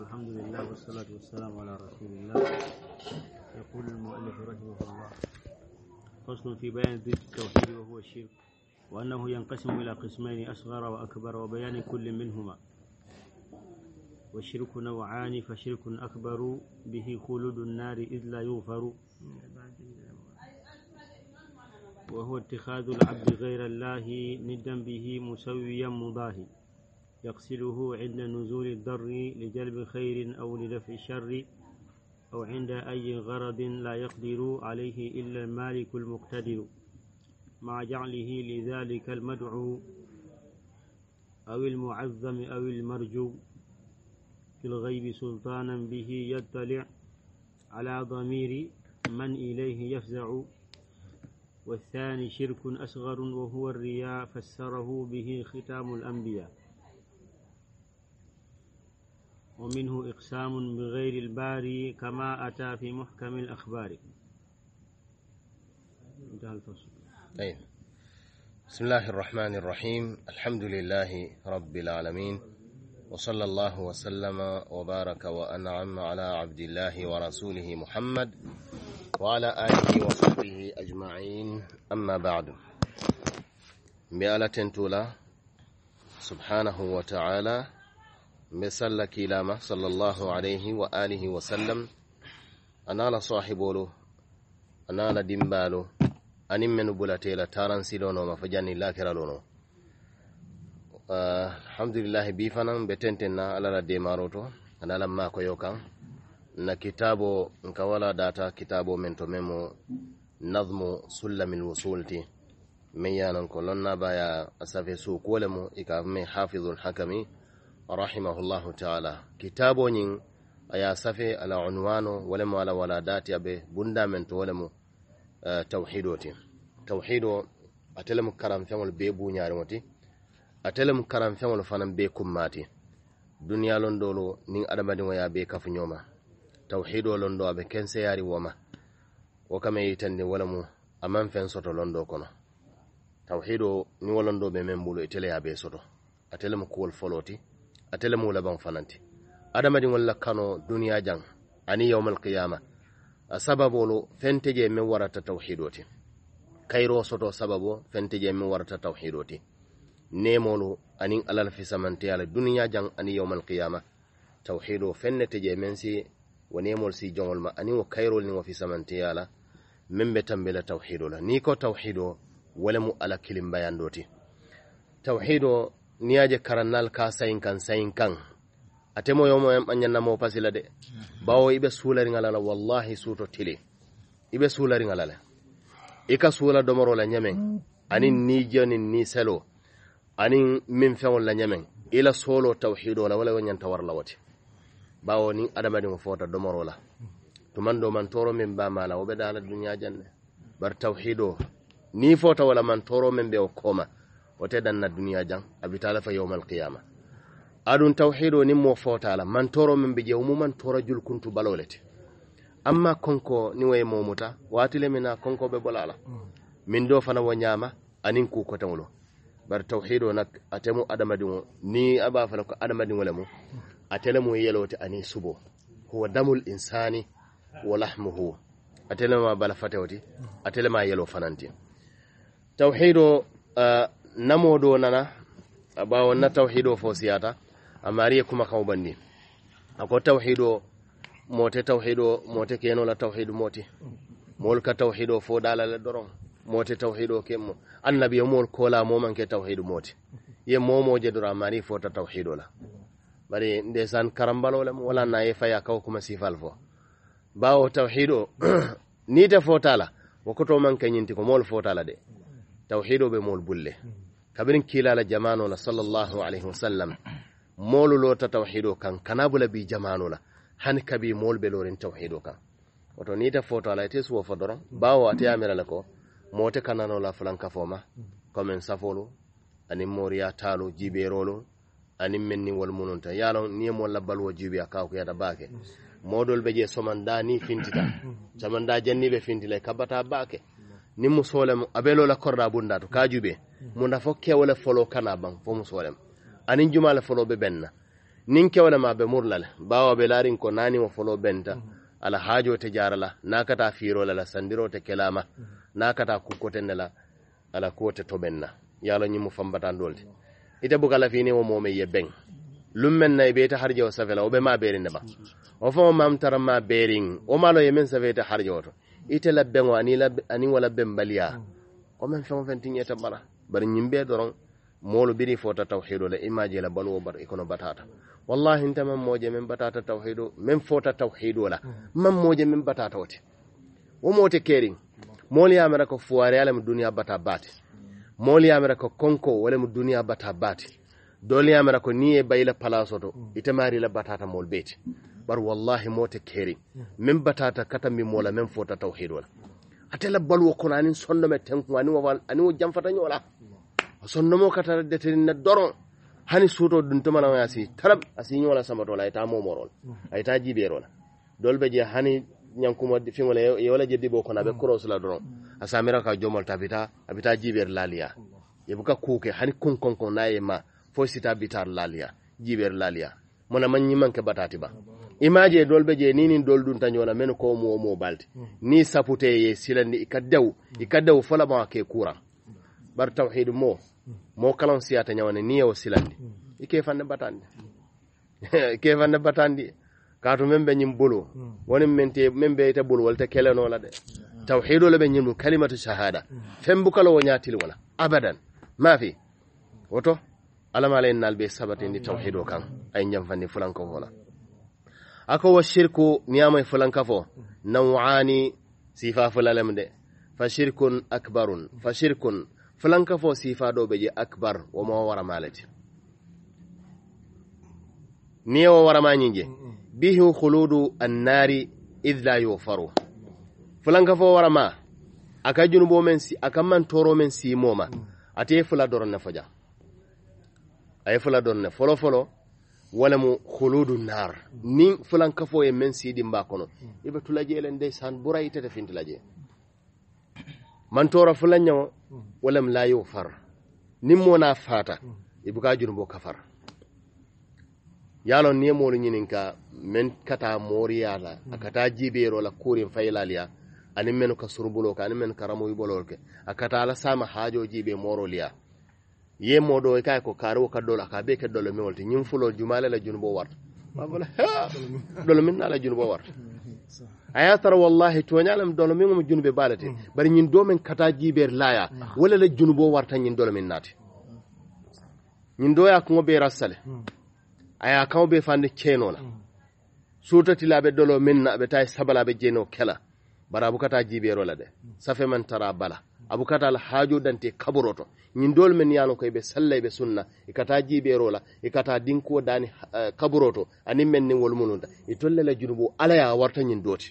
الحمد لله والصلاة والسلام على رسول الله يقول المؤلف رحمه الله فصل في بيان ضد التوحيد وهو الشرك وأنه ينقسم إلى قسمين أصغر وأكبر وبيان كل منهما والشرك نوعان فشرك أكبر به خلود النار إذ لا يغفر وهو اتخاذ العبد غير الله ندا به مسويا مضاهي يغسله عند نزول الضر لجلب خير أو لدفع شر أو عند أي غرض لا يقدر عليه إلا المالك المقتدر مع جعله لذلك المدعو أو المعظم أو المرجو في الغيب سلطانا به يطلع على ضمير من إليه يفزع والثاني شرك أصغر وهو الرياء فسره به ختام الأنبياء ومنه إقسام بغير الباري كما أتى في محكم الأخبار انتهى الفصل طيب بسم الله الرحمن الرحيم الحمد لله رب العالمين وصلى الله وسلم وبارك وأنعم على عبد الله ورسوله محمد وعلى آله وصحبه أجمعين أما بعد بألة تولى سبحانه وتعالى مثل كلامة صلى الله عليه وآله وسلم أنا لا صاحبولو أنا لا دمبالو أني من بلاتيلا تاران سيلونو مفجاني لا كرالونو Uh, alhamdulillahi bi fanan be tenten na ala la demaro to ana la ma ko yokan na kitabo nka wala data kitabo men to memo nazmu sullamin wusulti men yanan ko lonna baya asafe su kolemu ika me hafizul hakami rahimahullahu taala kitaboñin aya safe ala unwano walema ala wala dati abe bundamento men walemu uh, eh, tawhido ti tawhido atelem karam fengol be buñaari moti atelem karam fengol fanan be kummati duniya londolo nin adamadiŋo ya be kafu ñoma tawhido londo abe kenseyari woma wo kame yitandi walemu aman fen soto londo kono tawhido ni wo be men itele ya be soto atelem kuwol foloti atele mula ban fananti adamadiŋol la kano duniya jan ani yawmal qiyama a sababolu fente min warata tawhido ti soto sababo fente min warata tawhido ti nemolu anin alal fisamanteyala duniya jan ani yawmal qiyama tawhido fenne te je men si wo nemol si joŋol ma ani wo kayrol ni wo fisamanteyala min be tambila tawhido la ni ko tawhido mu ala kilimbayando ti tawhido niyaje karannal ka sayin kan sayin kan atemoyomoen ɓañannamo pasila de bawo iɓe sularigalala wallahi suto tili iɓe sularigalala ika sula domoro la ñamen anin ni jonin ni selo anin min feol la ñamen ila solo tawhidola wala woñanta war lawati bawo nin adamadio fota domorola tumando mantoro min bamala woɓe dala duniya jande bar tawhido ni fota wala mantoro min ɓe o koma wote danna duniya jang abitala fa yawmal qiyama adun tawhido ni mo fotala man toro min mbi man muman tora julkuntu balolete amma konko ni way momuta watile mina konko be bolala min do fana wo ñama anin tawlo bar tawhido nak atemu adamadi ni aba fala ko adamadiŋo mu atele mu yelote ani subo huwa damul insani wa lahmuhu atelema bala fatewti atelema yelo fanantin tawhido uh, namo do nana ɓawo na tawhid o fo siyata amari ye kuma kaw banni ako tawhid o mote tawhid o mote kenola tawhid moti mool ka tawhid o fo dalale doron mote tawhid ke mo annabi yo mool kola ke tawhid moti ye momoje dora amari fota tawhid o la bari ndesan karambalo lem wala na ye faya kaw kuma sifal fo bawo tawhid ni te fotala wokoto manke ñinti ko mool fotala de tawhid o ɓe mool bulle kabirin kilala jamano na sallallahu alaihi wasallam molu lota tawhido kan kanabula bi jamano la han kabi mol be lorin tawhido kan wato ni ta foto ala tesu suwo fodoron bawo ati amira lako ko mote kanano la fulan kafoma foma comme safolo ani moriya talo jiberolo ani menni wal mununta yalon ni mo la balwo jibi akaw ko yada bake modol beje somanda ni fintita samanda janni be fintile kabata bake nin musolem abelola korra bundato kajuɓe muna fo kewole folo kana ban fo musolem anin jumale foloɓe benna nin kewole ma be murlale bawa be larin ko nanimo folo benta ala hajo te jarala nakata firolala sandirote kelama nakata kukkotenela ala kuwote to benna yala ñimmu fambatan dolte ite bukala fini wo momen ye ben lummen nayi ɓeyte harjewo safela wo ɓe ma berinde ba o fomo mam taranma berin o maloye men safeyte harjewo to ite la bengo ani aniŋ wo labbenbaliya wo hmm. meŋ feŋo feŋ ti ñeeta bara bari ñiŋ bee doroŋ moolu biri fota tawhidu la i la balu bar ikono batata wallahi nta maŋ mooje meŋ batata tawhidu meŋ fota tawhidu la maŋ hmm. mooje batata wo wo moo te keeriŋ moolu ko mu bata bati moolu ye ko konko wale le mu bata baati doli ye ko niŋ ye bayi la hmm. la batata moolu beti bar wallahi mote keri min batata kata min mola min fota tawhid wala atela balwo kono anin sondome tenko anin wawal anin wo jamfata ñola sonnomo kata detenin na doron hani suto ɗum tomanawa asi tarab asi ñola samatola ayta momorol ayta jiɓerola dolɓe je hani ñankuma fiŋole yewola jeddi bo kono aɓe korosla doron a samira ka jomolta abita abita jiɓer laliya yebuka kuke hani kon kon ma fo sita bitar laliya jiɓer laliya mona man ñimanke batati ba imaji e dolɓe je ninin dolɗunta ñona men ko mo mo balti mm. ni sapute ye silandi i kaddew mm. fala ba ke courant mm. bar tawhid mo mo kalan siata ñawane ni yo e silandi i fande batandi fande batandi kaatu membe nyim bulu woni mente membe te bulu ɓeyta bolo walta de tawhidu le be nyim kalimatu shahada fembu kala wo ñatil wala abadan fi woto alamala en sabati sabatindi tawhido kan ay fani fulanko wala ako wa shirku miyamai fulan kafo nan wa'ani sifa fulalem de fa shirkun akbarun fa shirkun fulan kafo sifa do beje akbar wa ma wara malati niya wa wara ma nyinje bihi khuludu annari idh la yufaru fulan kafo wara ma aka junubo men si aka man toro men si moma ate fula doron na faja ay fula doron na folo folo walamu khuludu nar nin fulan kafo ye men sidin ba kono hmm. ibe tulajelen de san bura ita ta man tora fulan nyawo hmm. walam la yufar nin mona fata hmm. ibuka jurbo kafar yalon ne molu nyininka men kata moriya la akata jibero la kurin faylaliya ani men ka surbulo ka anin men karamo akata la sama hajo be moroliya yemoɗo e kay ko kaari wo kaddolo aka be keddolo mewol te ñimfulo jumale ala e junubo warta mabola dolo min ala junubo warta ayatara wallahi toñalam dolo mingomo junube baalete mm. bari ñin domin kata jiiber laaya wala la junubo warta ñin dolo min naate ñin doya kongo be rassale mm. aya kamo be fande ceenola mm. suutatilaɓe dolo min naɓe tawi sabalaɓe jeeno kela bara bukata jiiberola de safe man tara bala abukata al haajo dante kaboroto ñin dool men yano koye ɓe salla ɓe sunna e kata jiɓerola e kata dinkuwo dani uh, eh, kaboroto anin men nin wol mununda e tollele junubo alaya warta ñin dooti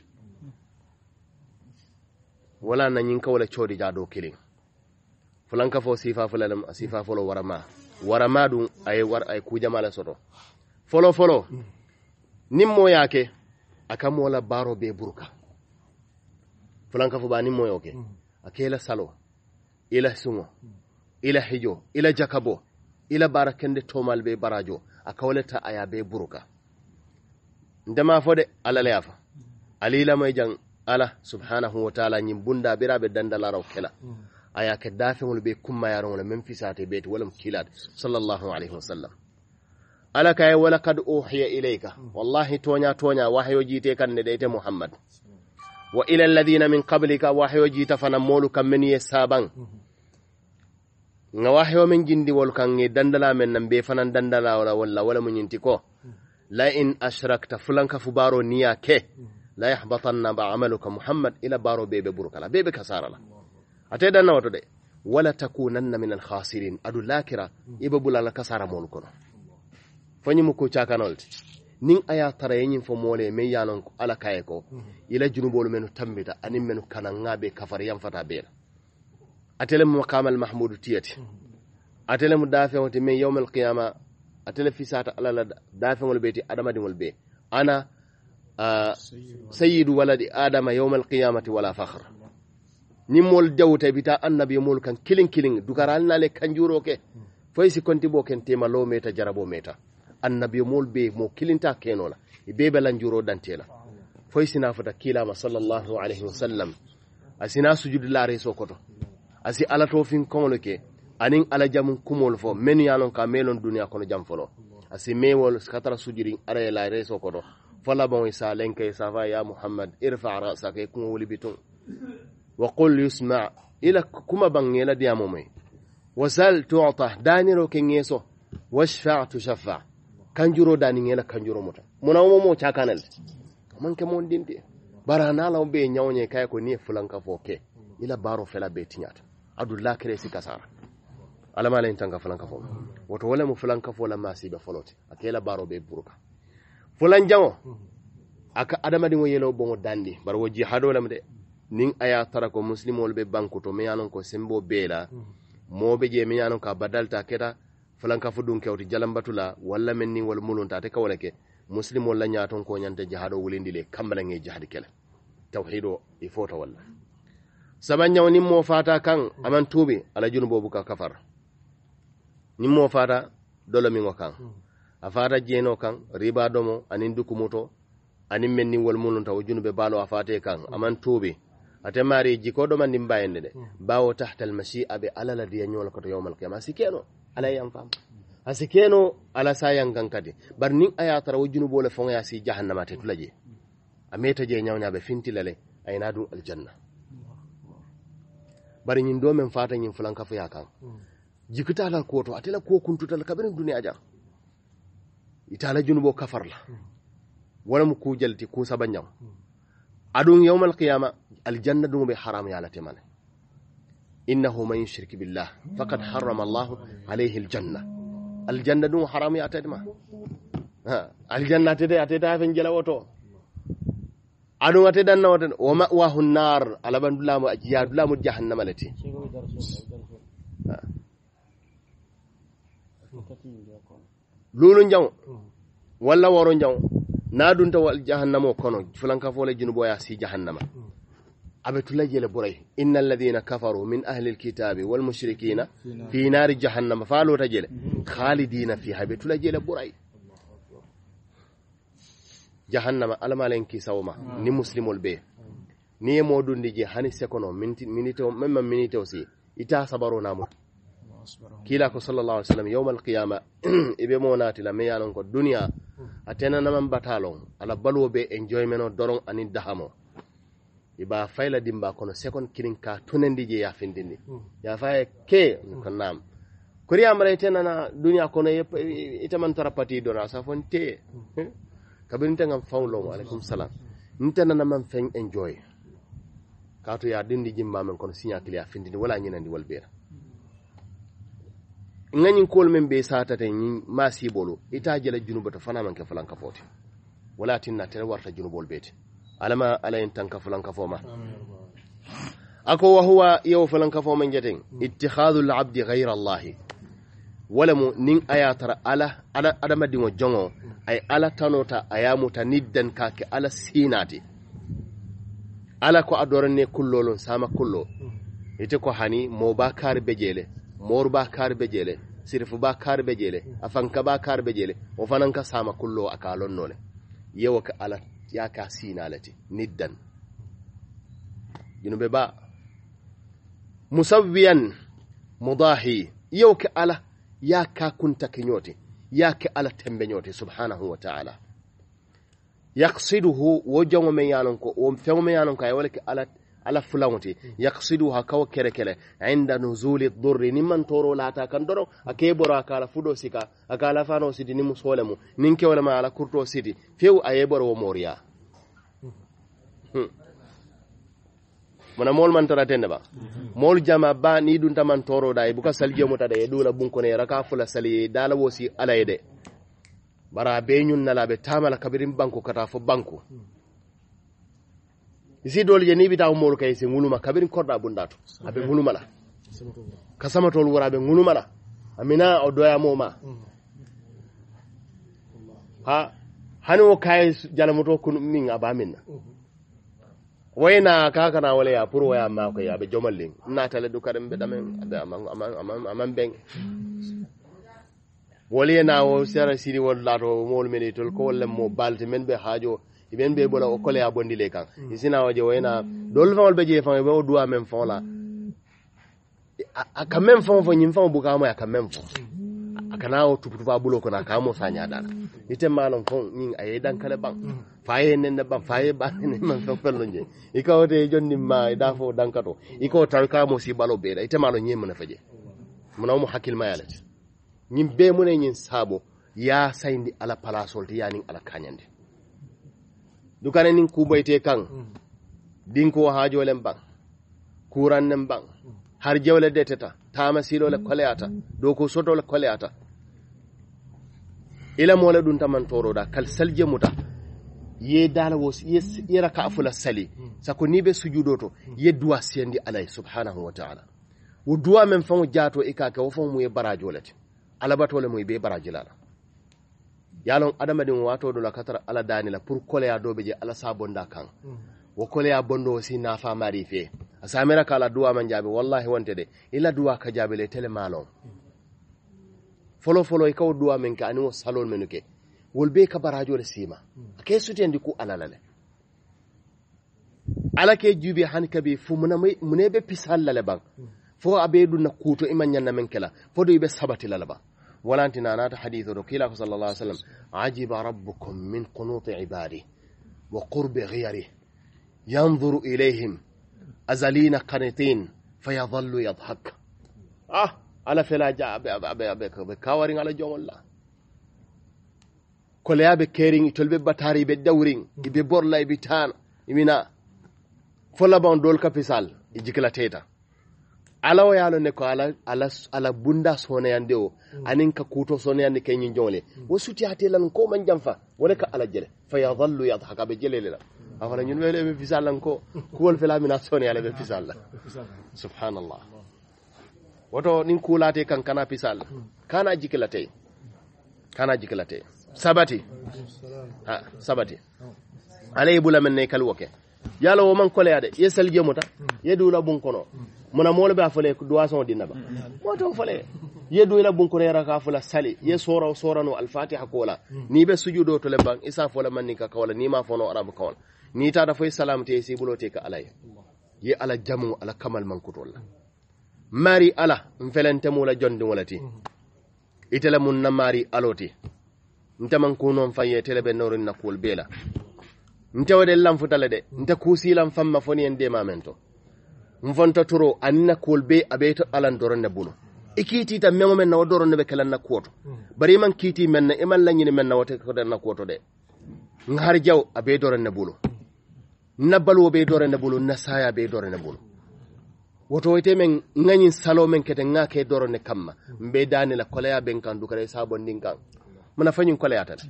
wala na ñin kawole coodi ja dow kilin fulanka fo sifa fulale a sifa folo warama warama ɗum aye war aye kujamala soto folo folo nin mo yaake aka mola baro be burka fulanka fo ba nin moyoke okay. mm. akela salo ila sumo ila hijo ila jakabo ila bara kende tomal be barajo akawleta aya be buruka ndema fode ala leafa alila may jang ala subhanahu wa ta'ala nyim bunda bira be dandala raw kela aya ke dafe mul be kumma yaro mul mem fisate bet walam kilat sallallahu alaihi wasallam ala kay wala kad uhiya ilayka wallahi tonya tonya wahyo jite kan ne de te muhammad وإلى الذين من قبلك وحيو جيت فنمولك من يسابا nga wahyo min jindi wol kan e dandala men nan be fanan dandala wala wala wala mun yinti ko la in ashrakta fulanka fu baro niya ke la yahbatanna ba amaluka muhammad ila baro bebe burkala bebe kasarala ate danna wato de wala takunanna min al khasirin adu lakira ibe bulala kasara mol kono fanyi mu ko chakanolti nin a ya tara yeñin fo moole men yanon ko ala kaye ko ila junuboolu menu tambita anin menu kananga be kafar yanfata bela atele mu makamal mahmoudu tiyati atele mu dafeŋo ti men yawmal qiyama atele fisata ala la dafeŋol beti adamadiŋol be ana uh, sayidu waladi adama yawmal qiyamati wala fahr nin mool jawta bita annabiyo moolu kan kiliŋ kiliŋ dukara alinale kanjuro ke foy si konti bo ken tema lo meta jarabo meta mm -hmm. annabi mol be mo kilinta kenola be be lanjuro dantela foy sina fata kilama sallallahu alaihi wasallam asina sujudu laare so koto asi ala to fin koŋolo ke aniŋ ala jamuŋ kumolu fo menu ye loŋ ka melon duniya kono jam folo asi mewol ka tara sujudiriŋ ala ye laare so koto fo labaŋo ye sa lenka ye safa ya muhammad irfa rasaka ye kuŋo wuli bituŋ wa qul yusma ila kuma baŋ ŋe la diyamomo ye wasal tuta daniro ke ŋe so washfa tushaffa kanjuro dani ngela kanjuro mota mona mo mo chakanal man ke mon dinte barana la be nyawnye kay ko ni fulanka foke ila baro fela be tinyata abdullah kere si kasara ala mala intanga fulanka fo woto wala mo fulanka fo la masiba folote akela baro be buruka fulan jango aka adama dingo yelo bongo dandi bar woji hadolam de nin aya tara muslimol be banko me yanon ko sembo bela mm. mobe je me ka badalta keta falan ka fudun kewti jalambatula walla men nin wal mulunta te kawle ke muslimol la ñaton ko nyante jihado wulindi le kambala nge jahadi kele tawhido o e fota walla saba ñaw nin mo fata kan aman tuubi ala bobu ka kafar nin mo fata mi kan a fata jeeno kan riba domo anin duku dukumuto anin men nin wal mulunta wo junube baalo a fate kan aman tuubi ate mari jiko ɗoman ndin mbayende de mm. bawo tahtal almasi'a be alala diya ñoola koto yawmal qiyama si keno ala yanfam asikeno ala sayan gankade bar nin aya tara wajunu bole fon ya si jahannama te tulaje ameta je nyawnya be fintilale ayna du aljanna bari nyin do men fata nyin fulan kafu ya kan jikita ala koto atela ko kuntutal kabirin duniya ja itala junubo kafarla wala mu kujalti ko sabanyam adun yawmal qiyama aljanna dum be haram ya la temane إنه من يشرك بالله فقد حرم الله عليه الجنة الجنة دون حرام يا ما الجنة تدي أتدا فين جلوتو أنو أتدا نوتن ومأواه النار على بند لا مجياد لا مجهنم التي lulun jaŋo walla woro jaŋo naa dunta wal jahannamo kono fulanka fo le junuboya si aɓetulajele ɓuray inna alladina kafaru min ahli lkitabi walmushrikina fi jahannam jahannama fa khalidina jele halidina fiha ɓetulajele ɓuray jahannama alamalen kisawoma ni muslimol ɓe ni modundi je hani sekono minito ma minite si ita sabaro namuta kila ko sallallahu alaihi wasallam yawm alqiyama ibe monati la meyanon ko dunya atenana man batalon ala balwo be enjoymeno o doron anin dahamo iba fayla dimba kono second kirin ka tunendi je yafindini hmm. yafaye ke ko hmm. nam kuri amara ite nana duniya kono ite man tara pati dona safon te hmm. kabin te ngam fawlo alaikum salaam. nte nana man fen enjoy kato ya dindi jimba men kono sinya kili yafindini wala nyinandi walbera ŋañiŋ kuwolu meŋ be saatata ñiŋ maasiibolu ite a je la junubo to fana maŋ ke falaŋ ka fo ti wala tinna tele warata junubolu bee ti alama alayin tanka fulan kafo ma ako wa huwa yau fulan kafo man jatin hmm. ittikhadhu al-abd ghayra Allah wala mu nin ayatar ala ala adamadin wa jongo ay ala tanota ayamu taniddan kake ala sinati ala ko adoran ne kullolon sama kullo hmm. ite ko hani mo ba kar bejele mor ba kar bejele sirfu ba kar bejele hmm. afanka ba kar bejele o fananka sama kullo akalon nole yewa ka ala yaka sina lati niddan junube ba musawwiyan mudahi yau ka ala ya ka kunta kinyote ya ka ala tembenyote subhanahu wa ta'ala yaqsiduhu wo jongo ko wo fengo mayanun ka ya ala ala fulaŋo ti yaksiduha kawo kere inda nuzuli durri ni man toro lata kan doro a ke boro a fudo sika a fano sidi niŋ musoo lemu niŋ ma ala kurto sidi fewu a ye boro wo moriya hmm. mana mol man tara tende ba moolu jama ba ni dunta man toro da buka salje mota da ye duu la raka fula sali ye wosi ala ye de bari a bee be taama la kabiriŋ banku ka taa fo banku mm -hmm. jidol je ni witawo molu kay si gulma kabiri korɗa bunɗato aɓe gulumala ka samatol wura ɓe gulumala amina o doyamo ma mm. ha hani o kaye jalamuto kunmin aba minna mm-hmm. wayna kakana walaya pour waya mako aɓe jomallin natale du kadam ɓe ɗamen aman ɓen woliyenawo sera siri wollato molu men itol ko wallemo balte men ɓe hajo iben be bola mm. o kole abondi le kan mm. isina waje wena mm. dol fa wal be je fa be o dua men fon la aka men fon fo nyim fa bu ka mo aka men fon aka na o tupu fa bulo ko na ka mo sanya dal ite malon fon nyin aye dan kale ban fa ye nen da ban fa ye ba ne man fa pello nje iko o te jonni ma da fo dan kato iko o tar ka mo si balo be da ite malon nyim na faje muna mu hakil ma yalet nyim be mo ne nyin sabo ya sayndi ala palasol ti yani ala kanyande dukanin nin kuboyte kan mm. dinko haajolen ban Kuran nan ban mm. har ta deteta tama silole mm. koleyata dow ta. Ila koleyata ilamole ɗum taman da kal salje muta ye dala wo ye raka a sali sako ni be sujudo to ye duwa sendi alai subhanahu wa taala wo duwa men fan o jaato e wo fan mu ye barajolete alabatole mu be barajilala yalon adama ɗin wato ɗo la katara ala dani la pour koleya doɓe je ala sabonda kan wo koleya bondo si nafa mari fe asamira kala duwa man jaɓe wallahi wonte de ila duwa ka jaɓe le tele malon folo folo e kawo duwa men ka ani wo salon menu ke wol be kabarajo le sima ke suti andi ku alala le ala ke jubi han kabi fu munebe pisal lale ban fo abe dunna kuto imanyanna men kela fo do ibe sabati lala ban ولا أنت نانات حديث ركيلك صلى الله عليه وسلم عجب ربكم من قنوط عباده وقرب غيره ينظر إليهم أزلين قنطين فيظل يضحك آه على فلا جاء بكاورين على جوم الله كل يا بكيرين تلبي بتاري بدورين يبي بورلا يبي يمينا فلا بان دول كفيسال يجيكلا تيتا alawo yalo ne ko ala ala ala bunda sone yande o mm. anin ka kuto sone yande kay nyin jole mm. wo suti hate lan ko man jamfa wala ka ala jele fa yadhallu yadhaka be jele la mm. afala ñun wele be fisal lan ko kuwol fela mina sone le be fisal la subhanallah woto nin kulate kan kana fisal kana jikilate kana jikilate sabati ha sabati oh. alay bula ne kal woke yalla wo man kole ade ye sel jemuta mm. ye la bun kono mm. muna mole ba fale duwason mm. di naba mo to fale ye la bun kono yara ka fula sali ye sora sora no al fatiha kola ni be sujudo to le bang isa fola man ni ka kola ni ma fono arab kola ni ta da fay te si bulote ka alay ye ala jamu ala kamal man kutolla mari ala mfelente mola jondi walati itele mun na mari aloti non kunon fayyetele be norin na kol bela nte wo del lan futale de nte kuusiilan famma foni en dema men to nfonta toro aninna kuwol be a beyto alan doron ne bulu i kiitiita memo men na wo doron ne be kelan na kuwo to bari iman kiitii men na iman lañini men na wote koden na kuwo to de nhar jaw a bey doron ne bulu na baluwo bey doron ne bulu na saya bey doron ne bulu woto woyte men ŋañin salo men kete ŋa ke doron ne kamma mbe daani la koleya ben kan dukara e saabon ndin kan mana fañin koleyata de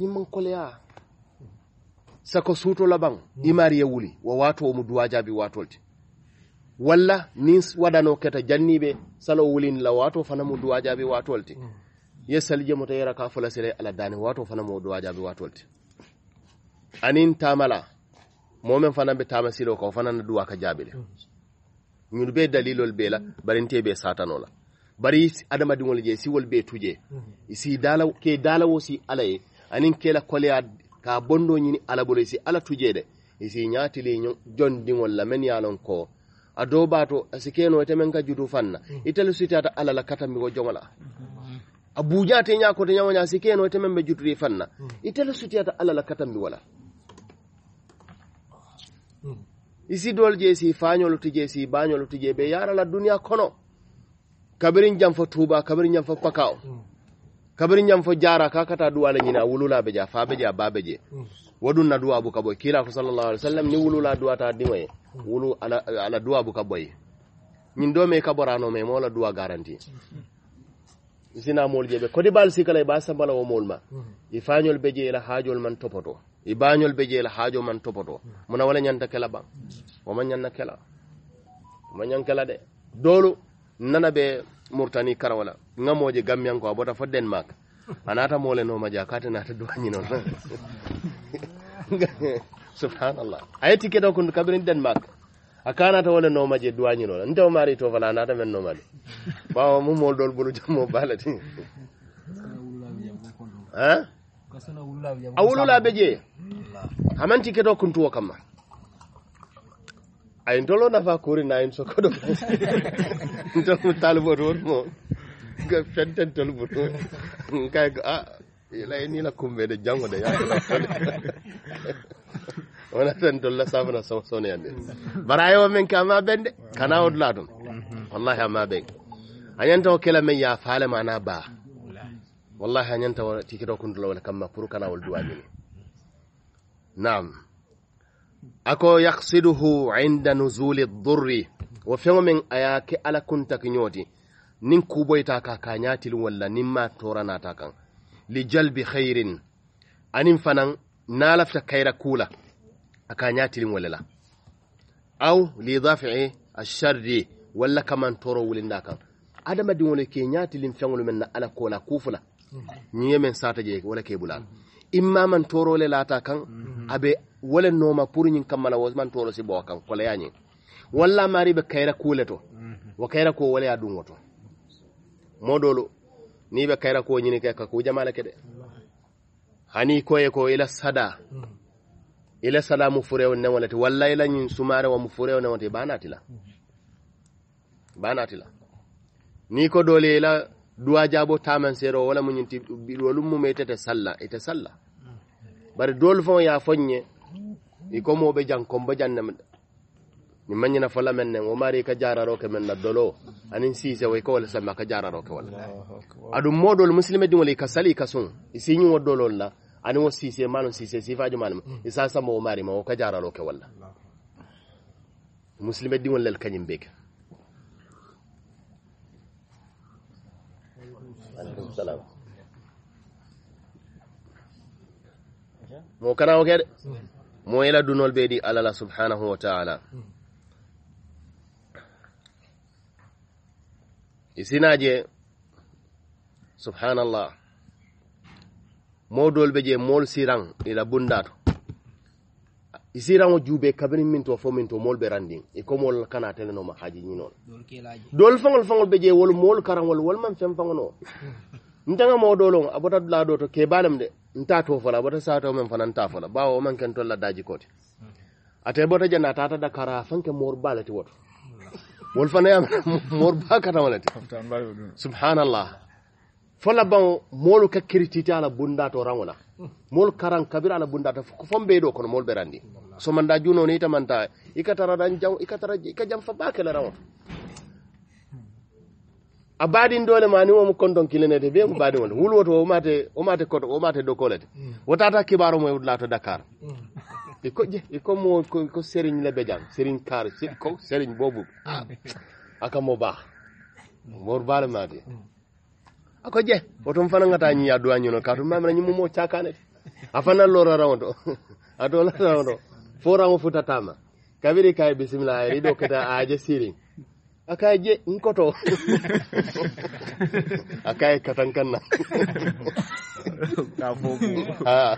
ñimman koleya sako suto suuto mm. imari ya wuli wo waato omo duwa jaabi waatol ti walla nin waɗano keta janniɓe salo wuli wulini watu wa fana mo duwa watu alti. Mm. Yes salije mutayera kafula sile ala dani watu wa fana mo duwa watu alti. anin tamala mwome mfana be tama silo ka o fana na duwa ka jaabi le ñun mm. be dalilol be la mm. barinte be satanola bari isi adama adamadiŋol je siwol be tuje mm. Isi dala ke dala wosi alaye ye aniŋ ke ka bondo ñini alabolo isi ala tujede isi ñatiliño jon diŋol la men yalon ko a do bato asi keno ite men ka judu fanna itele sitata ala la katambiko jomola a bujate ñakote ñawoña si keno ite men ɓe jutudi fanna itele sitata ala la katambiwola isi dol je si fañolo tije si bañolo tije ɓe yarala duniya kono kabirin jam fo tuba kabirin jam fo pakao mm -hmm. kabri nyam fo jara ka kata duwala nyina wulula be ja fabe ja babe je wadun na duwa buka boy kila ko sallallahu alaihi wasallam ni wulula duwa ta dimo ye wulu ala ala duwa buka boy nyin do me no me mola duwa garanti zina mol je be kodi bal sikala ba sambala wo molma i fañol be je la hajol man topoto i bañol be je la hajo man topoto muna wala nyanta kala ba o man nyanna kala o man ñan kala de dolu nana be murtani karawala ŋamoje gammiyanko a bota fo denmark anata mole no maja kate nata duwañi non subhanallah aye tike ɗo kondu kabirin denmark a kanata wole no maje duwañi non ntewo mari to fana anata men nomade bawa mumol ɗol ɓolu jammo balati a wululaɓe je hamantike ɗo kontuwo kamma ay ndolo nafa kori na en sokodo ndol mo talbo ron mo ga fenten talbo ron kay ko a ila ni la kumbe de jango de yaade wona tan dolla sabana so sone yande barayo men kama bende kana odla dum wallahi ama ben anyanta o kela men ya faale mana ba wallahi anyanta o tikito kun dola wala kamma pour kana wal duwa ni nam ako yaksiduhu inda nuzuli dhurri wa feŋo aya a ke alla kunta kinyoti nin kuboyta ka kañatil walla niŋ ma ta kan li jalbi khairin anin fanan naa lafita kayira kuu a aw li ash-sharri walla kaman toro wulinda kaŋ adamadiŋo le ke ñatilin feŋolu meŋ na ala kola kuu fula mm-hmm. sata wala ke immaman torole lata kan mhm. abe wole noma pour ñin kammala wosman toro si bowa kan koleyañin walla mari be kayra kule to mhm. wa kayra ko wole a dungo to modolu ni be kayra ko ñini ke ka ku jamala ke de hani koye ko ila sada mhm. ila sada mu fure won newole te walla ila ñin sumare wa mu fure won newote banatila banatila ni ko dole ila duwa jabo taman sero wala mu ñinti bi wolum mu metete salla ite salla bari dool fon ya a ni i ko moo be jang kombo jaŋ nem de ñiŋ maŋ ñina fo lameŋ ka jaararoo ke meŋ na doloo ani siisewo i ka wala le ka jaararoo ke wala adu modol moo dum wala ka sali ka suŋ si ñiŋ wo la ani wo siisee maanuŋ siisee siifaaji maalu ma i ka jaararoo ke wala muslima dum wala le le kañiŋ aleykum salam mo kanawo kede mo ila dunol ɓeydi alala subhanahu wa taala isinaje hmm. e subhanallah modol ɓe je mol siran ila bundato isirano e juube kabini min to fo min to mol ɓe randi iko e mol kana telenoma haaji ñinon dol fangol fangol ɓe je wol mol karangol wolman fen fangono ntaŋa moo doolo a bota dulaa dooto keebaalem de nta too fola a bota saatoo meŋ fana nta fola bawo wo maŋ ken tolla daajikoo ti ate bota janna a taata dakara a fanke moor baa le ti woto wolu fana ye moor baa katama le ti subhanallah folla baŋo moolu ka kirititi a la bundaato raŋo la moolu karaŋ kabira a la bundaato fo fom bee doo kono moolu be randi somanda junoo ni itamanta i ka tara dan jaŋ i ka tara i ka jamfa baa ke le raŋo to a badin dole ma ni wo mu kondon kilene de be mu badin wol wul woto wo mate wo mate koto wo mate do kolete hmm. wota ta kibaro mo wul lato dakar e ko je e ko mo ko ko serigne le bejam serigne kar ci ko serigne bobu hmm. aka mo ba mor bal mate ako je wotum fana ngata ni yaddu anyu no kartu mam na ni mo chakane afana lora rawndo adola rawndo fora mo futa tama kabiri kay bismillah ri do kata aje serigne akaye nkoto akaye katankanna ah.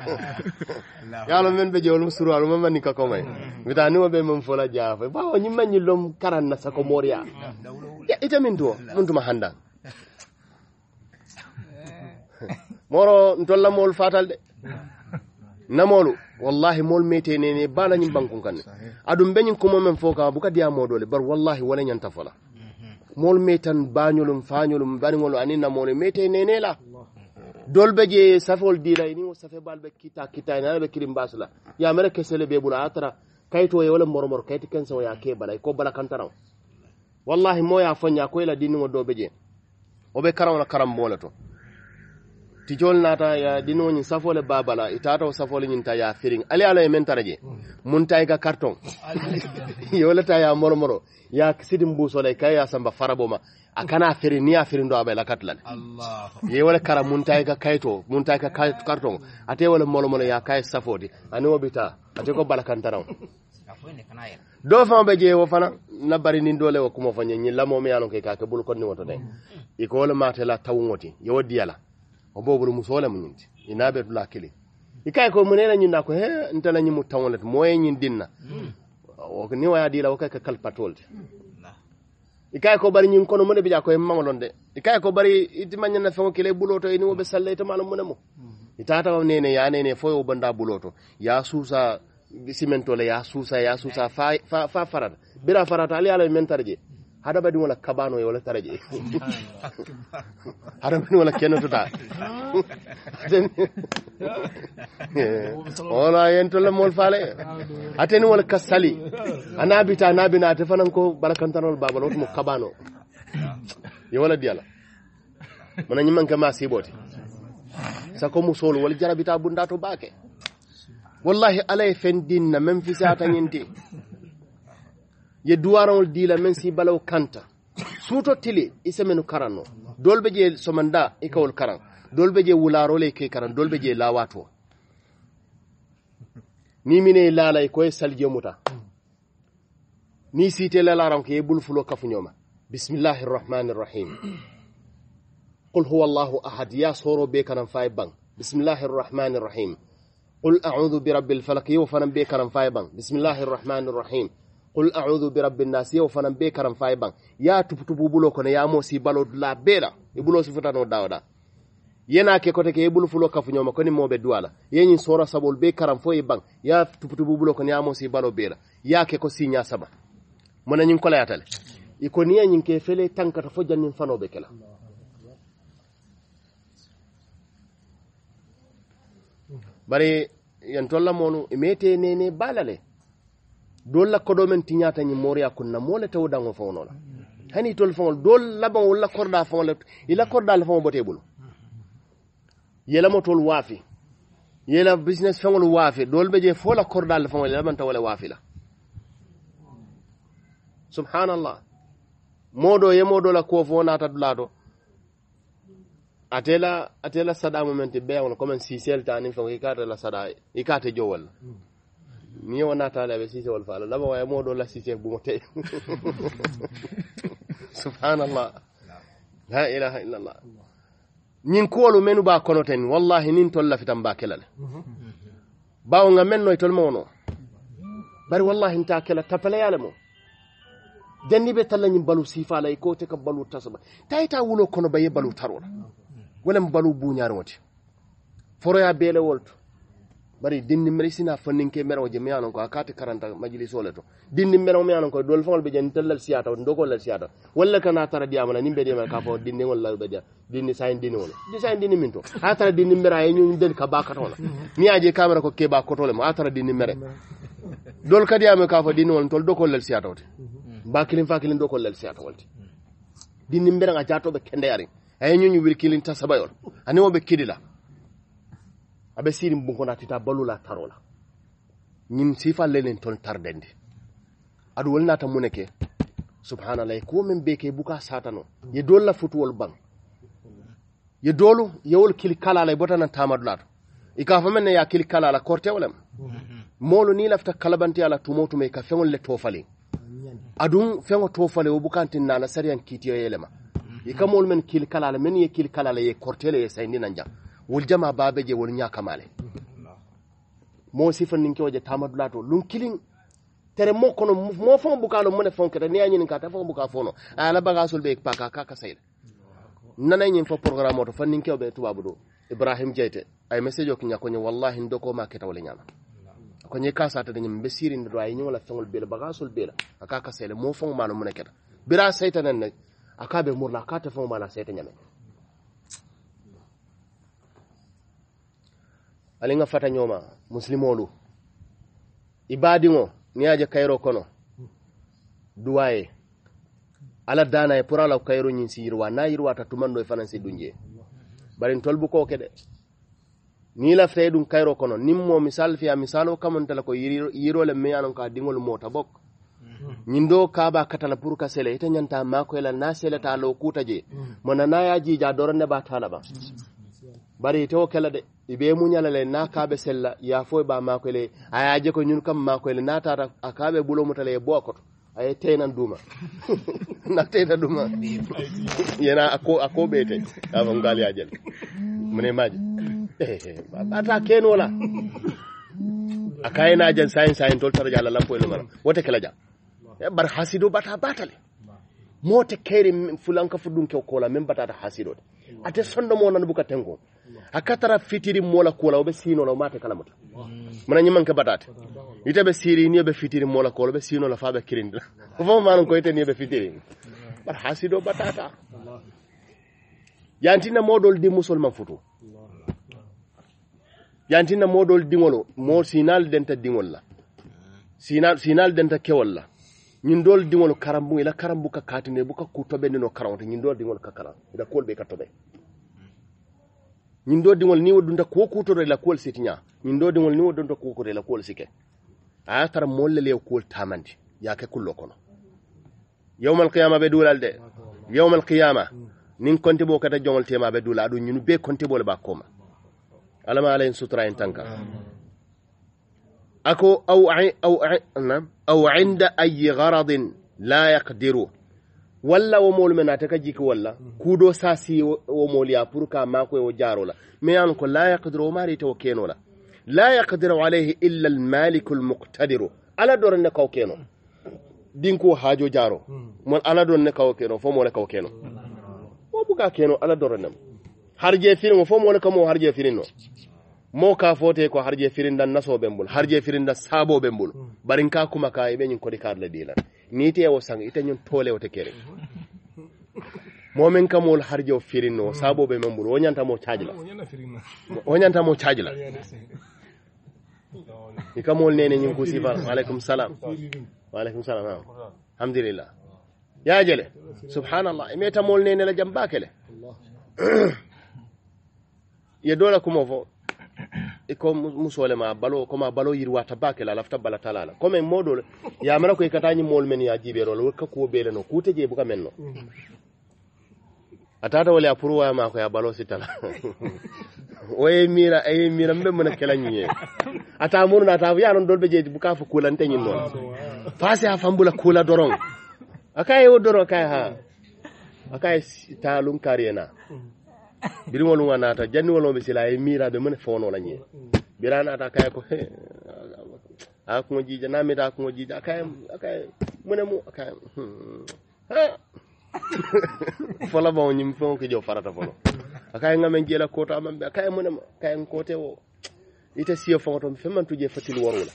yalo men mm. be jolum suru mama ni kako komay mitani wobe mum fola jafa ba woni manni lom karan mm. na sako moriya ya ita min do mun tuma handa moro ntolla mol fatal de mm. namolu wallahi mol mete ne bala ñin bankun kanne aɗum beñin kuma men fo ka buka diya modole bar wallahi wala nyanta fola mol metan bañolum bari baniŋolu ani namolu mete nene la dolbe je safol dila ni wo safe balbe kita kita ina be kirim basla ya mere kesele be bula atara kayto e wala mormor kayti so ya ke bala ko bala kantaraw wallahi moya fanya ko ila dinno wo dobe je obe karawna karam mola tijol nata ya dino ni safole babala itata safole ni ta ya firin ali ala e men taraje mun tay ga carton yola ta ya moro moro ya sidim bu sole kay ya samba farabo ma akana firin ni firin do abela katlan allah ye wala kara mun tay ga kayto mun tay ga carton ate wala moro moro ya kay safodi ani obita ate ko balakan taraw do fa be je wo fana na bari ni dole wo kuma fanya ni lamo mi yalon kay ka bul bul ni woto de iko wala matela tawngoti yo diyala o boobolu musoole mu ñinti i naabeetu laa kili i kay ko mu neena ñinnda ko he nte la ñimu taŋo le ti moyen ñin dinna ni waya diila wo kay ka kalpatool ti i kay ko bari ñiŋ kono mu ne bi jaa ko he maŋolon de i kay ko bari iti maña na feŋo kile buloto i ni wo be salla ite maalo mu ne mo mhm. i taata nene ya nene fo ye wo banda buloto ya suusa simentole ya suusa ya suusa eh. fa fa farata bira farata ali ye ala e mentar je haɗaɓaɗi wona kabano e wala taraje haɗaɓaɗi wona kennotota ono yen tolla mool faale ateni wala ka sali a naabita naabinaate fanan ko balakantanol babal wotomo kabano yo wala diyala mana ñimmanke ma siboote sako musolu wala jarabita bunda to baake wallahi alaye fen dinna même fisata ñinti ye duwaraŋol diila meŋ si balawo kanta suuto tili i karano menu je somanda i ka wolu karaŋ doolu be je wulaaro le i ka i karaŋ doolu be je mine ye laala i ko ye salijee muta niŋ la laaraŋ ko ye bulu fulo kafuñoo ma bisimillahi rrahmani rahim qul huwa allahu ahad ya sooro bee kanaŋ faa ye baŋ bisimillahi rrahmani rrahim qul audu bi rabbi lfalak yewo fanaŋ bee kanaŋ qul a'udhu bi rabbin nas yow fanan be karam fay bang ya tuputupu bulo kono ya mo si balo la bela e bulo si futano dawda yena ke kote ke bulu fulo kafu nyoma koni mobe duala yenyi sora sabol be karam fo e ya tuputupu bulo kono ya mo si balo bela ya ke ko sinya saba mona nyin kola yatale ikoniya nyin ke fele tankata fo fano be kala bari monu imete nene balale dol la kodomen ti ñaata ñi moriya kunna mo le taw dango fawno la hani tol fawol dol laban wala korda fawol ila korda la fawol bote bulu yela mo tol wafi yela business fawol wafi dol beje fola korda la fawol laban taw wala wafi la subhanallah modo ye modo la ko fo nata dulado atela atela sada momente be on comme si sel tani fawol ikata la sada ikata jowal mm. mi o natali aɓe sisewol faala laba waya moɗo la sise bumo tey subhanallah la ilaha illallah ñin kuwolu menu ba ten wallahi nin tol lafitan ba kelale bawo nga men noy tol ma bari wallahi nta kela tapaleyale mo janni be talla ñin balu sifala e kote ka balu tasaba tayita wulo kono baye balu tarola wala m balu buñaari woti foroya beele wolto bari dinni mere sina fannin ke mero je mi ko akati karanta majlis le to dinni mere o mi ko dol fawol be jen tellal do ko lal siata walla kana tara diama na nimbe diama ka fo dinni ngol lal be diya dinni sayin dinni wala di sayin dinni minto ha tara dinni mere ay nyun den ka bakata wala mi aje kamera ko keba kotole mo a tara dinni mere dol ka diama ka fo dinni wala tol do ko lal siata ba dogollal siyata wote bakilin fakilin dogollal siyata wolte dinni mere nga be kende yarin ay ñun wirkilin tasabayol ani mo be kidila abe sirin bunkonatita balula tarola ñin sifallenen ton tardendi aɗu wolnata mune ke subhanallah ko men be ke buka satano ye dolla futuwol ban ye doolu yewol kili kalala e botanan tamadulato i ka fo men ne ya kili kalala kortewolem moolu ni lafta kalabante ala tumo tume ka feŋol le tofali adun feŋo tofali wo bukantin nana sariyan kiitiyo yelema i ka moolu men kili la men ye kili la ye kortele ye sayindina jang wol jama baabe je wol ñakamale mo sifaninkewo je tamadula to lum kilin tere mo kono mo fo bukalo mone fonkete ni a ñininka te fo buka fono ala baga sol ɓe paka kaka sayda nana ñin fo programme o to fanninkewo ɓe tubabu ɗo ibrahim dieyte ay message o kiña koñe wallahi n dokoma ketawle ñama koñe kasatadeñim mbe sirinde ɗo a ñola feol bela baga sol bela a kaka sayda mo fomalo mone keta bira saytanenne a kaɓe murla a kate fomala sayta ñame nga fata ñoma muslimolu ibadiŋo ni aja kayro kono duwaye ala dana pour ala kayro ñin si yirwa na yirwata tumando e fanan si dunje bari tolbu ko ke de ni la fay dun kayro kono nim mo misal fiya misalo kamontala ko yiro le meyanon ka dingol mota bok ka kaba katala pour ka sele ita ma ko e la na sele ta lo je mona na ya ja dorne ba talaba bari tewo kela de ibe muñalale na kaɓe sella yafo e ba makoyle a yaje ko ñun kam makoyle natata a kaɓe ɓulomutale e bookoto aye teynan duma na teyna duma yena a koɓeyte ava ngaliyajel mine maji ata ken wola a kayenajen sayin sayin tol tara jala lampo e numara wote kela jam bar hasido bata batale mote keri fulanka fo ɗum kew kola min batata hasidode ate sondo mo nan buka tengo akatara fitiri mola kola obe sino la mate kala muta mana nyiman ka batate ite be siri ni be fitiri mola kola be sino la fabe kirinda fo man ko ite ni be fitiri bar hasido batata yantina modol di musulman futu yantina modol dingolo mo sinal denta dingol la sinal sinal denta kewol la ñin dool diŋolu karambu ila karambu ka kaatine buka ku tobe nino karaŋote ñin dool diŋolu ka karan ila kuwol be ka tobe ñin do diŋol niŋ wo dunta kuwo kuutoto ila kuwol si tiña ñin do diŋol niŋ wo dunta kuwo koto ila kuwol si a ye tara moolu le le ye taamandi ye a ke kullo kono yawmal qiyama be duulal de yawmal qiyama niŋ konti kata joŋol tema be duula aduŋ ñinu bee konti le be a kooma alama ala yin sutura yin tanka أكو أو عن أو عن نعم أو عند أي غرض لا يقدر ولا ومول من أتكجيك ولا كودو ساسي ومول يا بروكا ماكو وجارو لا ميانك لا يقدر وما ريتو كينولا لا يقدر عليه إلا المالك المقتدر على دور نكو كينو دينكو هاجو جارو من على دور نكو كينو فمو نكو كينو وبوكا كينو على دور نم هرجي فيلم فمو نكو هرجي فيلم mo ka fote ko harje firindan nasoɓe mbol harje firindan saaboɓe mbol hmm. barin ka kuma ka eɓe ñin koɗi le dilan ni te wo sang ite nyun tole wote kere momin kamol harje o firinno saaboɓe men mbol woñantamo cajla woñantamo cajla i kamol nene ñin ku wa waaleykum salam waaleykum salam alhamdulillah ya jele subhanallah mol nene la jam bakele ye dola kumo fo E, ko musole ma balo ko ma balo yirwa tabake la lafta bala tala la ko men modol ya mara ko e katani mol men ya jibe rol ka ko bele no kute je buka men no mm-hmm. atata wala apurwa ma ko ya balo sitala o e mira e mira mbe mun kala nyiye ata murna ata ya non dolbe je buka fu kula nte nyin non ah, fasi ha fambula kula doron akaye o doron kay ha akaye talum kariyena mm -hmm. biriŋoluŋa naata janniŋolo be sila a ye miirade mu ne fono la ñee bira naata kaye ko a kuŋo jiija na mita a kuŋo jiija akaye akaye mu ne mu akaye fola baŋo ñim feŋo ke jo farata fono akaye ŋa meŋ jeela koto amaŋ be akaye mu ne ma akaye ŋ kote wo ite siyo foŋo to feŋ maŋ tuje fatil woru la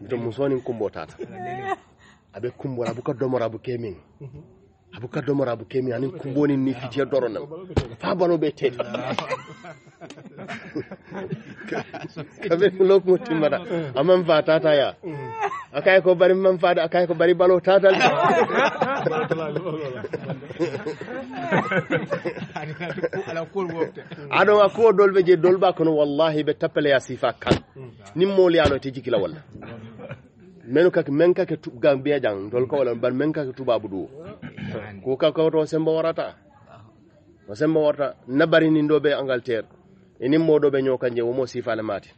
bito musoo niŋ kumbo taata a be kumbora buka domora bu ke miŋ mhm. abukar domar abu kemi anin kumboni ni fijia doron fa bano bete te kabe lok mutum mara fa tata ya akai ko bari man fa da akai ko bari balo tata ta ado ko dolbe je dolba kono wallahi be tapale ya sifa kan nim moli ano te jikila walla menu kake men kake gambia jang dol ko wala ban men kake tubabu du ko ka ko to sembo warata o sembo warata nabari ni ndobe angleterre eni modo be nyoka nje wo mo sifale mati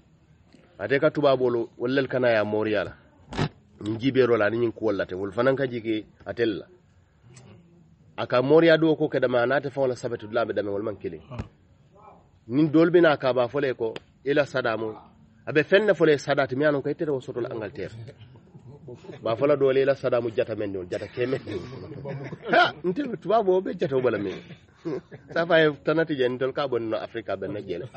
ate ka tubabolo wallal kana ya moriala njibero la ni ko wallate wol fanan ka jige atella aka moriya do ko kada manata fa sabatu lambe dame wol man kili hmm. nin dolbina ka ba fole ko ila sadamo abe fenne fole sadati mi anon ko yettere o sotol angleterre ma fola dole la sadamu jata men non jata kemen ntel bo be jata wala min sa faye tanati jen tol ka bonno afrique ɓenna jeele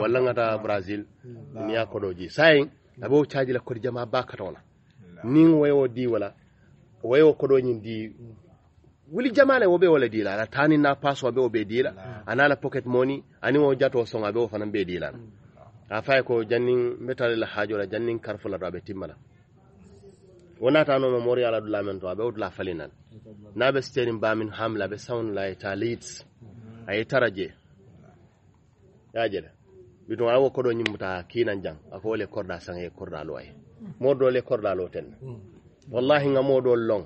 walla gata brésil niya koɗoji sayen aɓe o caji la kodi jama ba katona nin wayo di wala wayo nyin di wuli jamale wobe wala diila ala tani na be o ɓe o ɓe diila anala pocket money ani wo jato son be o fana ɓe diilana a fay ko jannin mbetale la haajola jannin karfola ɗo aɓe timmala wonatanoma mori la ɗula men to aɓe wodula falinal naɓe steri mbamin hamla aɓe sawnula e ta leeds aye tara jee yajeɗa biton awo koɗo ñimmuta kinan jang ako wole korda sang e korda lo aye moɗo le korda lo ten wallahi nga moɗo long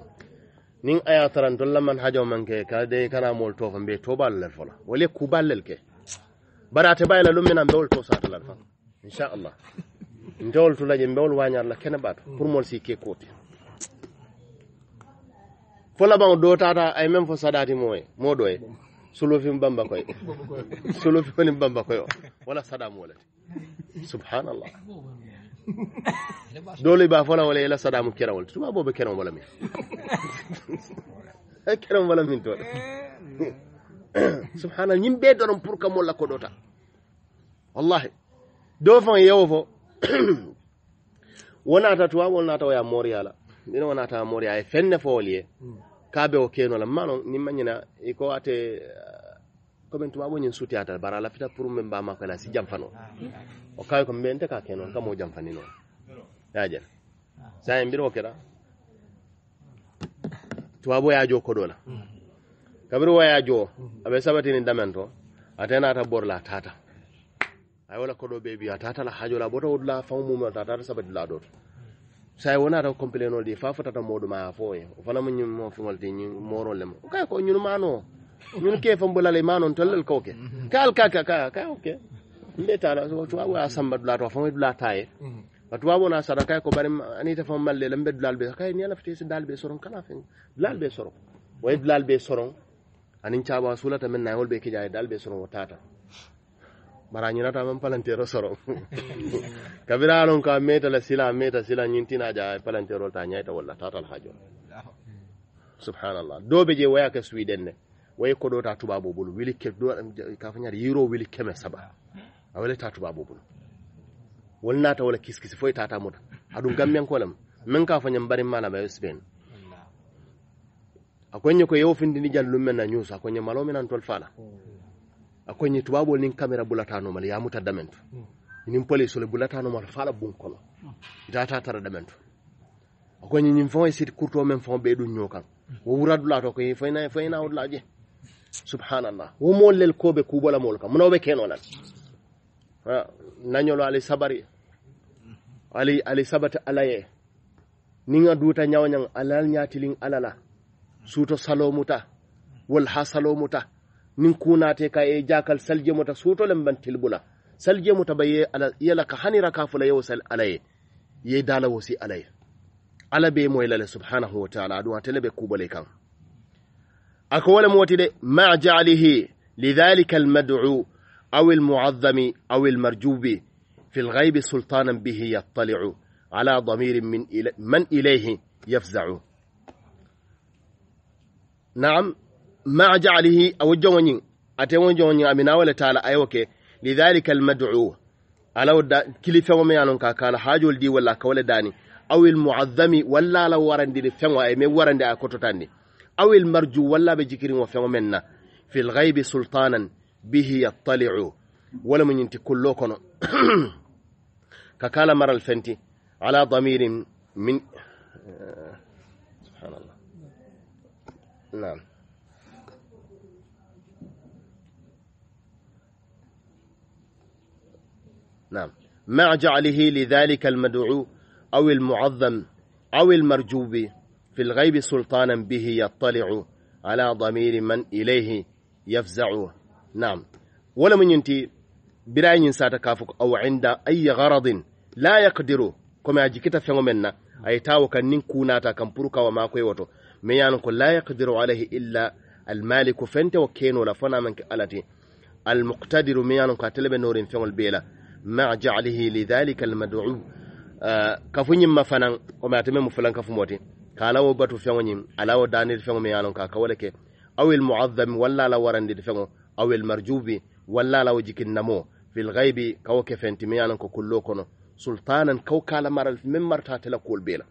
nin aya taran dolla man hajo manke kade kana mol tofa mbe tobal lel fola wole kubalel ke barate bayla lumminan be wol to satalal fan inchallah ndewol tulaje mbewol wañarla kene ɓaata pour mon si ke koopi folaɓan ɗo tata ay même fo saɗatimo e moɗo e solofimi bamba koye solofi woni bamba koye o wala saɗamu wolete subhanallah dole ba fola wala ila saɗamu kerawol tuma boɓe kerao wala min kerao wala min toɗe subhanallah yimɓe doron pour que molla koɗota wallahi do fan yewo fo wonata tuwaɓo ya oya moriya la ndino wonata moriya e fenne folie hmm. kabe ka be o keno la mano ni mañina iko ate comme uh, tubaɓo suti sutiyata bara lafita pour men mba makoyla si jamfano hmm. o kawi ko mbente ka keno noon kamo jamfani noon yajen sa en mbiro o keɗa tubaɓo yajo koɗo la kabiri wayajo aɓe sabatini damen to borla tata ay wala ko ɗo ɓe mbiya tatala haajola boto woɗula faw mum tatata sabati laaɗoto so wonata complainol ɗi fa fotata moɗum a fo e o fana mo ñimo feŋol ti morol lema kay ko ñun mano ñun ke fam bulale mano tollel kawke ka al kaka ka ka ok mbe tala tubabu a samba dula to fam dula taye ba tubabu na sada kay ko bari anita fam malle lambe dulal be kay ni ala fitesi dal be soron kana fen dulal be soron way dulal be soron anin caba sulata men nayol be kijaye dal be soron o tata bara a ñinata man palantero soro kabira alon ko meta la sila a meta sila ñintina ja palanterol ta ñayta walla tatal hajo subhanallah doɓe je waya ke sweden ne wayi koɗota tubabo bolo wili ke ka fañata yiro wili keme saba a waleta tubabo bolo nata wala kiskisi foye tatamuta aɗum gammenkolem min ka fañam mbarin ba spain akoñe ko ni jallum men na ñuus akoñe malo minan tol akoñi tubabol nin caméra bulatanomala yamuta damentu nin police ole bulatanomala fala bun kono data tara damento akoñi ñin fon e siti courto men fon be ɗum ño kan wo la to koye fayna fayna wodula je subhanallah wo mollel be keno kam munawɓe kenolan nañolo ali sabari ali ali sabata alaye ninga duta ñawñang alal ñatilin alala suuto salomuta wol hasalomuta salomuta nin kunate ka e jakal salje mota sutolen ban tilbula salje mota baye ala yala ka hanira ka fula yau sal alaye ye dala wasi alaye ala be moy lale subhanahu wa ta'ala adwa telebe kubale kan ako wala moti de ma ja'alihi lidhalika almad'u aw almu'azzami aw almarjubi في الغيب سلطانا به يطلع على ضمير من, إلي من إليه يفزع نعم ma'a ja'alihi a wajen wani a ta wajen wani a mina wala ta'ala ayo ke li dhalika al mad'u ala da kilifa wa mayanun ka kana hajul di wala ka wala dani aw al mu'azzami wala la warandi ni fenwa ay me warandi a kototandi aw al marju wala be jikirin wa fenwa menna fil ghaibi sultanan bihi yattali'u wala mun yinti kullo kono ka kala maral fenti ala damirin min subhanallah na'am نعم مع جعله لذلك المدعو أو المعظم أو المرجوب في الغيب سلطانا به يطلع على ضمير من إليه يفزع نعم ولا ينتي براين ساتكافك أو عند أي غرض لا يقدر كما يجيكتا فيغمنا أي تاوكا ننكوناتا كمبروكا وما كويوتو ميانكو لا يقدر عليه إلا المالك فنت وكينو لفنا منك ألتي المقتدر ميانكو أتلب نور فيغل بيلا مع جعله لذلك المدعو آه، كفنيم فنان وما تمم فلان كفموتي كالاو باتو فيونيم الاو دانيل فيونيم يالون كا كولكي او المعظم ولا لا ورندي فيونو او المرجوب ولا لا وجيكن نمو في الغيب كوكي فنتيم يالون كو كلو كونو سلطانا كوكا لمر من مرتا تلقول بيلا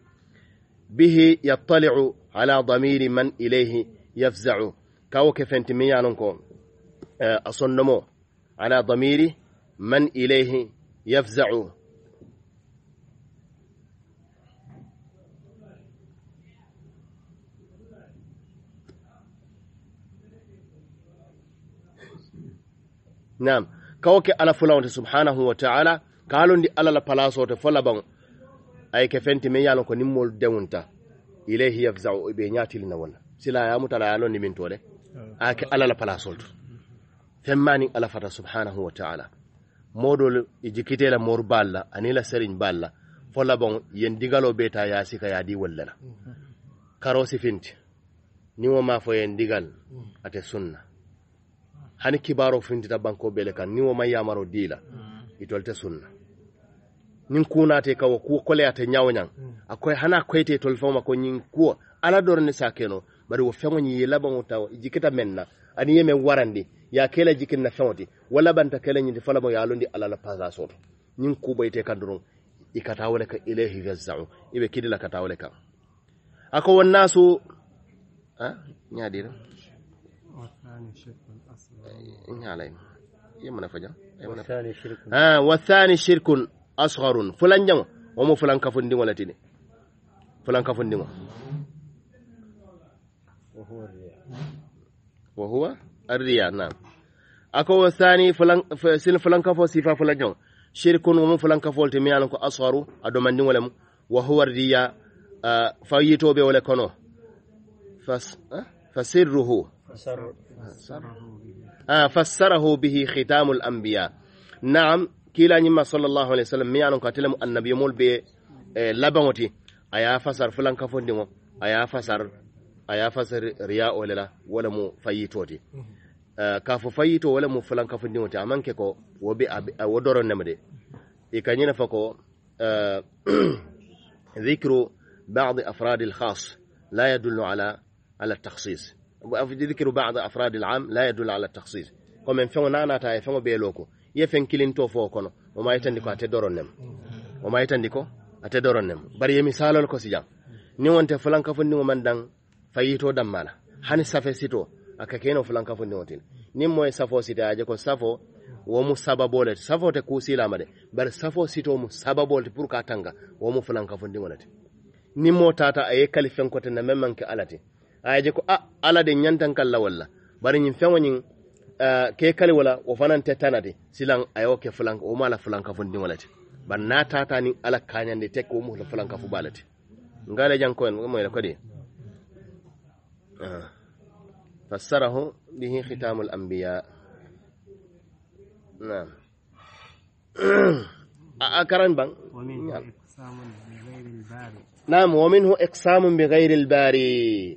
به يطلع على ضمير من إليه يفزع كاو كفنت ميانكو آه، أصنمو على ضمير man ilaihi yafza'u nam kawke ala fulawonte subhanahu wa taala ala la palasote fo laban ay ke fenti men yalon ake ala la palasol to femmanin ala fata subhanahu wa taala modol ijikite la mor balla anila serigne balla fola bon yen digalo beta ya sika ya di wallana karo sifinti ni wo ma fo yen digal ate sunna hani kibaro finti ta banko bele kan ni wo ma yamaro dila mm. itolte sunna nin kuna te kawo ku kole ate nyawnyan mm. akoy hana koyte tol fawma ko nin ku ala dorne sakeno bari wo fengoni yela bon taw ijikita menna ani yeme warandi ya kela jikin na fewti wala banta kela nyindi fala mo yalundi ala la pasa soto nyin kuba ite ikata wala ka ilahi yazza'u ibe kidila katawale ka ako wannasu ha nyadira ñaalay yemana faja wa thani shirkun asghar fulan jama womo fulan kafundiŋo wala tini fulan wa kafundiŋo wa huwa الرياء نعم أكو ثاني فلان سين فلان كفو سيفا فلان جون شرك ومو فلان كفو التمي أنكو أصغر أدومن ولم وهو الرياء آه فيتو بي ولا كنو فس آه؟ فسره فسره آه فسره به ختام الأنبياء نعم كلا نما صلى الله عليه وسلم ميانو تلم النبي مول بي آه، لبنوتي أيا فسر فلان كفو ديمو أيا فسر aya fasa riya olela wala mu fayitoti mhm. eh, ka fo fayito wala mu fulan kafo ndiŋo ti amanke ko wo be eh, wo doron nema de i ka ñina fa ko ذكر بعض أفراد الخاص لا يدل على على التخصيص ذكر بعض أفراد العام لا يدل على التخصيص كما فنو نانا تا فنو بيلوكو يفن كلين تو فو وما يتندكو أتدورن نم وما يتندكو أتدورن نم بري مثال لكو سيجام ني وانت فلان كفن ني ومن دان fayito dammala hani safe sito aka keno fulanka funni wotin nin moye safo site aje ko safo womu sababole ti safo te kusilama de bari safo sito mu sababole pour ka tanga womu fulanka fundiŋo le nin mo tata aye kali fenkote na meŋ maŋ ke ala ko a ala de ñantan kalla walla bari ñiŋ feŋo ñiŋ uh, ke kali wala wo fanaŋ te tana ti silaŋ ke fulanka wo ma fulanka fundiŋo le ti na tata niŋ ala kañandi te ko womu fulanka fuba le ti nga le jankoyen kodi آه. فسره به ختام الأنبياء نعم أكرم آه، آه، بان ومنه نعم. إقسام بغير الباري نعم ومنه إقسام بغير الباري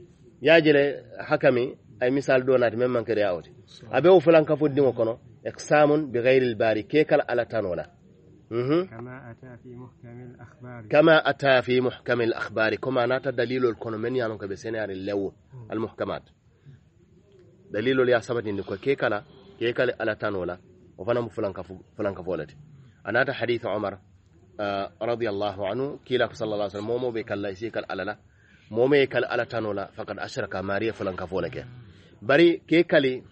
يا جل حكمي أي مثال دونات ممن كرياوتي أبي أوفلان كفو الدين وكنو إقسام بغير الباري كيكال على تانولا كما أتى في محكم الأخبار كما أتى في محكم الأخبار كما نات دليل الكونومين يانو كبسين يعني اللو المحكمات دليل يا سبت نكو كيكلا كيكلا على تانولا وفنا مفلان كفو فلان كفولتي أنا حديث عمر آه، رضي الله عنه كيلا صلى الله عليه وسلم مومو بكلا يسيكل على لا مومي كل على تانولا فقد أشرك ماريا فلان كفولك بري كيكلي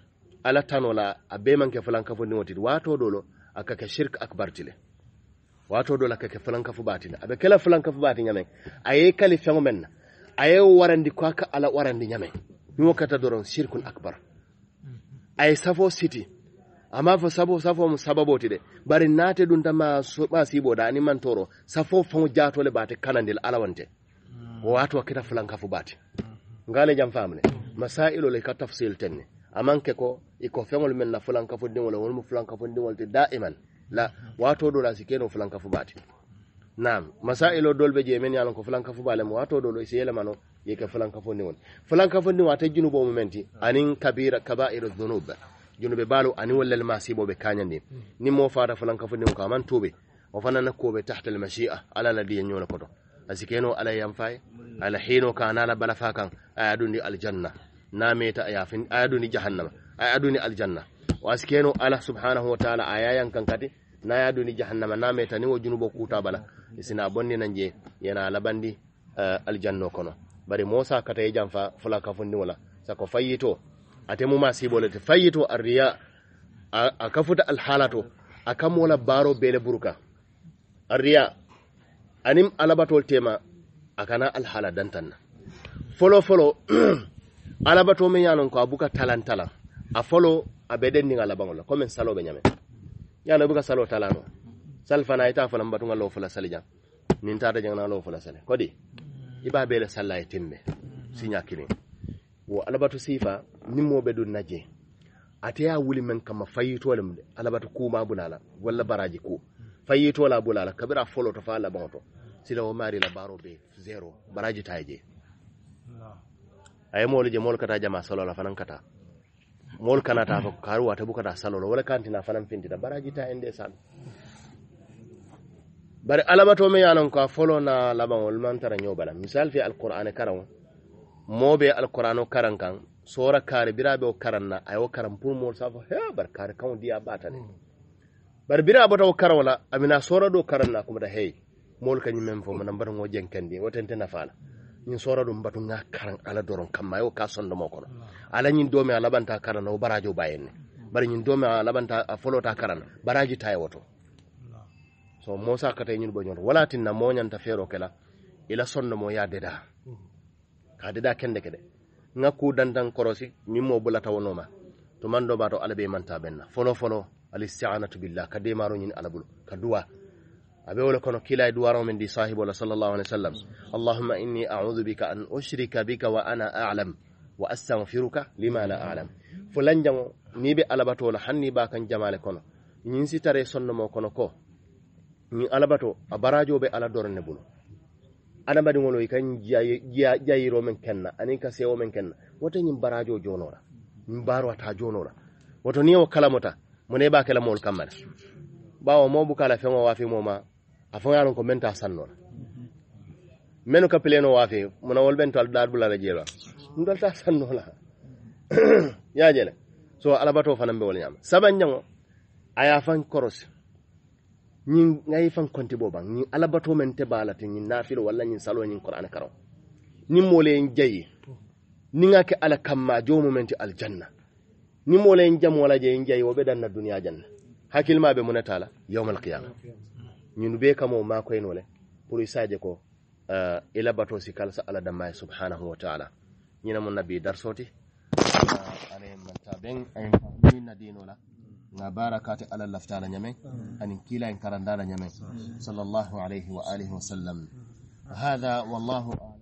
على تانولا أبي من كفلان كفو نوتي واتو دولو أكاك شرك أكبر تلي wato do la ka ke falankafo batina abe kela falankafo baati ñamen a ye kali feŋo men na a warandi ko aka ala warandi ñamen miwo kata doron shirkun akbar a ye safo city amma fo safo safo mu sababoti tide bari naate ɗum ta ma ma siboɗa ani man toro safo feŋo jatole baate kanandel alawante o wato a kita falankafo baati ngale jam famne masailol le ka tafsil tenne amanke ko iko feŋol men na dingol ndiŋol wonmo kafu dingol te daiman la wato do la sikeno fulanka bati nam masailo dolbe je men yalon ko fulanka fu balem wato do lo siyela mano ye ka fulanka ni won fulanka ni wata junubo menti anin kabira kaba'iru dhunub junube balu ani wallal masibo be kanyande ni mo fata fulanka ni ko man tobe o fanana be tahta mashi'a ala la diya ñola koto asikeno ala yam ala hino kana la balafakan fa kan aya ɗuni aljanna na aya fin aya ɗuni jahannama aya ɗuni aljanna o askeno ala subhanahu wa taala a yayan kan kati na yaduni jahannama na metani wo junubo kuta bala sina bonni nan je yana labandi uh, aljanno kono bari mosa kata e janfa fula ka fundi wala sako fayito atemu ma sibole te fayito arriya akafuta alhalato akamola baro bele buruka arriya anim alabatol tema akana alhala dantanna folo folo alabato me yanon ko abuka talantala a folo a be den ninga labaŋo la comme salo be ya ñana buka salo talano sal fana ita fana mbatunga lo fala salija jang nin tata jang lo fala sale kodi iba be le salla e timme siña kilin wo alabatu sifa nimmoɓe ɗum naje ateya wuli men kama fayitole mde alabatu kuma bulala wala baraji ku fayito la bulala kabira folo to fala labaŋo sila o mari la baro be zero baraji tayje ay mo moolu je moolu kata jama solo la fanan kata kana ta fa kaari wata salo salola wala kantina fanan da baraji ta inde san bari alamato me yanan ka folo na laban wal man tara nyo bala misal fi alquran karaw mo be alquran karan kan sora kar bira be karan na ayo karan pul mol sa fa ha bar kar kan diya bata ne bar bira bata o karan amina sora do karan na kuma da hey mol kan yimen fo nan bar mo jenkandi woten na fala ñin sora ɗum batu ga karan ala doron kamma yo ka sondomo kono ala ñin domi a laɓanta karana o barajo bayenne bari ñin domi a laɓanta a folota karana baraji taye woto so mosa kata ñin ɓo ñoto wala tinna moñanta feero kela ila sondomo ya deda mm-hmm. ka deda kende ke de ga ku dantan korosi ñin mo bulata wonoma to man ɗo ɓa to ala ɓe manta ɓenna folo folo alistianatu billah ka demaro ñin ala ɓulo ka duwa أبيقول كون كلا يدوارهم من دي صاحب صلى الله عليه وسلم اللهم إني أعوذ بك أن أشرك بك وأنا أعلم وأستغفرك لما لا أعلم فلان جمو نيبي ألباتو لحني باكن جمال كونو ñinsi tare sonnomo kono ko ñin alabato a be ala dorne bulo adamadiŋolo i kan jayiro men kenna aniŋ ka sewo men kenna wote ñiŋ barajo jono la ñiŋ baro ata jono la mune i be a ke la moolu bawo moo buka la feŋo waafi moo ma a fawaano ko menta sannora men kappileno waafe mona wol ɓen to alɗa ɗulala e jeelowa ɗum ɗalta sannola yaajele so alabato fana mbewol ñama sabanñango aya fan koros ñin ngayi fan konti bo ban ñin alabato men te balate ñin nafilo walla ñin salo ñin qur'ana karo ni mole en jayi ni nga ke ala kamma jomu men ti aljanna ni mole en jam wala je en jayi wobe danna duniya janna hakil ma be munatala yawmal qiyamah ñun be kamo ma koy nole pour isaje ko uh, ila bato si kala ala damma subhanahu wa ta'ala ñina mo nabi dar soti uh, ane manta ben ay ni na dinola nga barakati ala laftala ñame ani kila en karandala ñame sallallahu alayhi wa alihi wa sallam هذا والله أعلم